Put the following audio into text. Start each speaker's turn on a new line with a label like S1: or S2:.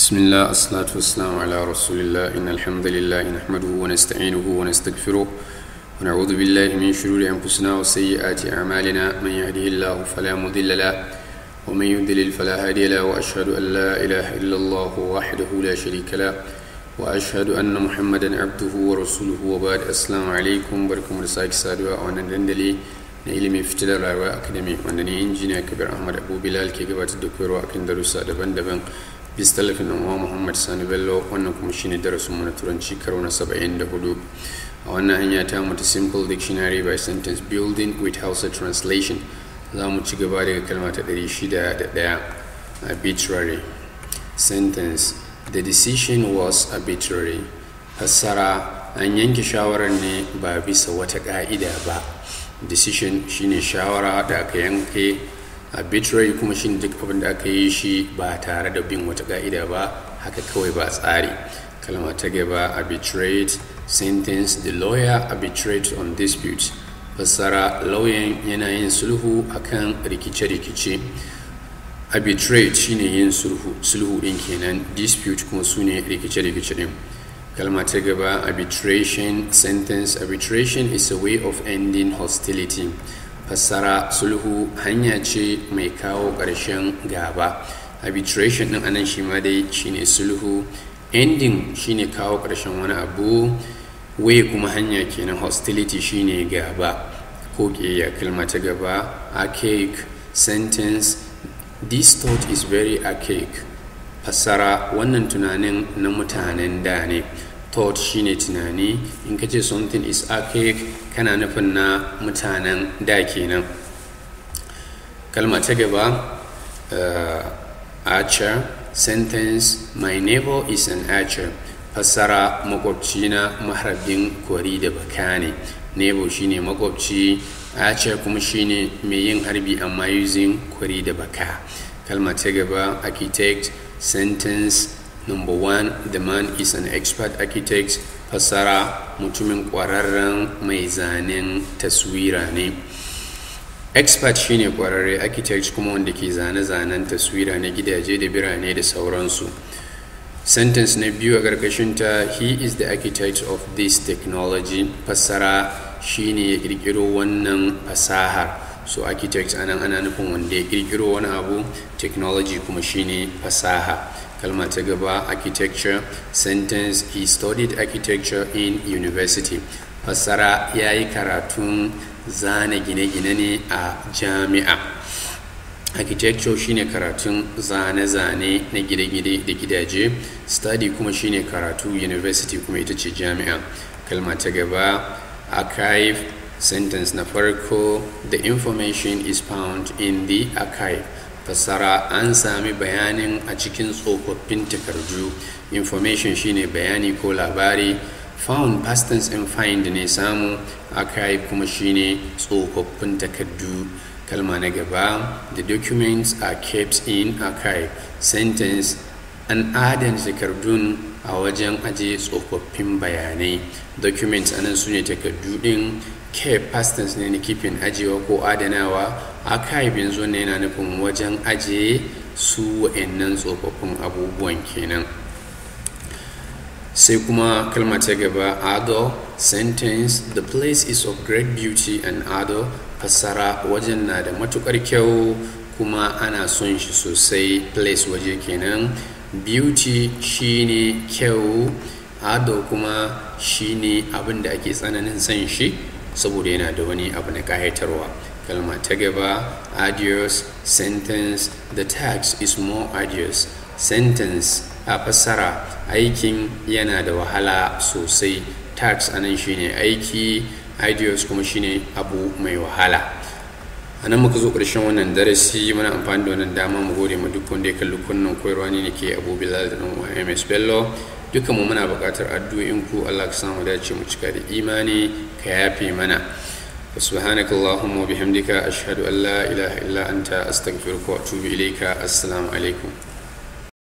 S1: بسم الله الصلاة والسلام على رسول الله إن الحمد لله نحمده ونستعينه ونستغفره ونعوذ بالله من شرور أنفسنا وسيئات أعمالنا من يهده الله فلا مضل له ومن يضلل فلا هادي له وأشهد أن لا إله إلا الله وحده لا شريك له وأشهد أن محمدا عبده ورسوله وبعد السلام عليكم بركم رسائك سادوا وأنا دندلي na ilimin fitilar أكاديمي وأنا wanda ne أحمد أبو بلال كي bilal الدكتور gabatar da koyarwa akan bis talafin da uwa muhammad sani bello wannan kuma shine darasin mu turanci karo na 74 a wannan hanya ta mu simple dictionary by sentence building with hausa translation za mu ci gaba daga kalma ta 601 arbitrary sentence the decision was arbitrary fassara an yanke shawarar ne ba bisa wata ka'ida ba decision shine shawara da aka yanke arbitrary kuma shine duk abin da aka yi shi ba tare da bin wata ka'ida ba haka kawai ba tsari kalma ta gaba arbitrate sentence the lawyer arbitrate on dispute fassara lauyan yana yin sulhu akan rikice-rikice arbitrate shine yin sulhu sulhu din kenan dispute kuma su ne rikice-rikice din kalma ta gaba arbitration sentence arbitration is a way of ending hostility fassara sulhu hanya ce mai kawo ƙarshen gaba arbitration din anan shi ma dai shine sulhu ending shine kawo ƙarshen wani abu Waye kuma hanya kenan hostility shine gaba ko ƙiyayya kalma ta gaba archaic sentence this thought is very archaic fassara wannan tunanin na mutanen da ne thought shi ne tunani in ka ce something is archaic kana nufin na mutanen da kenan kalma ta gaba eh, archer sentence my neighbor is an archer fassara makwabci na maharbin kori da baka ne neighbor ne makwabci archer kuma shi ne mai yin harbi amma using kori da baka kalma ta gaba architect sentence number one the man is an expert architect Fasara, mutumin ƙwararren mai zanen taswira ne expert shine ƙwararre architect kuma wanda ke zane-zanen taswira na gidaje da birane da sauransu sentence na biyu a ƙarƙashinta he is the architect of this technology Fasara shine ya ƙirƙiro wannan fasahar so architect anan ana nufin wanda ya kirkiro wani abu technology kuma shine fasaha kalma ta gaba architecture sentence he studied architecture in university fassara ya yi karatun zane gine-gine ne a jami'a architecture shine karatun zane-zane na gine-gine da gidaje study kuma shine karatu university kuma ita ce jami'a kalma ta gaba archive sentence na farko the information is found in the archive fassara an sami bayanin a cikin tsofaffin takardu information shine bayani ko labari found past tense and find ne samu archive kuma shine tsofaffin takardu kalma na gaba the documents are kept in archive sentence an adana takardun a wajen ajiye tsofaffin bayanai documents anan su ne takardu din cape pastors ne na kifin ajiyewa ko adanawa archive yanzu ne yana nufin wajen ajiye su wa'annan tsofaffin abubuwan kenan sai kuma kalmar ta gaba ado sentence the place is of great beauty and ado fassara wajen na da matukar kyau kuma ana son shi sosai place waje kenan beauty shine kyau ado kuma shine abin da ake tsananin son shi saboda yana da wani abu na ƙayatarwa kalma ta gaba adios sentence the tax is more adios sentence a fassara aikin yana da wahala sosai tax anan shine aiki adios kuma shine abu mai wahala a nan muka zo ƙarshen wannan darasi muna amfani da wannan dama mu gode ma duk wanda ya kalli kunnan koyarwa ne ke abu bilal da ms bello dukkanmu muna buƙatar addu'o'in ku Allah ka samu dace mu cika da imani ka yafe mana subhanakallahumma wa hamdika ashhadu an la ilaha illa anta astaghfiruka wa atubu ilayka assalamu alaikum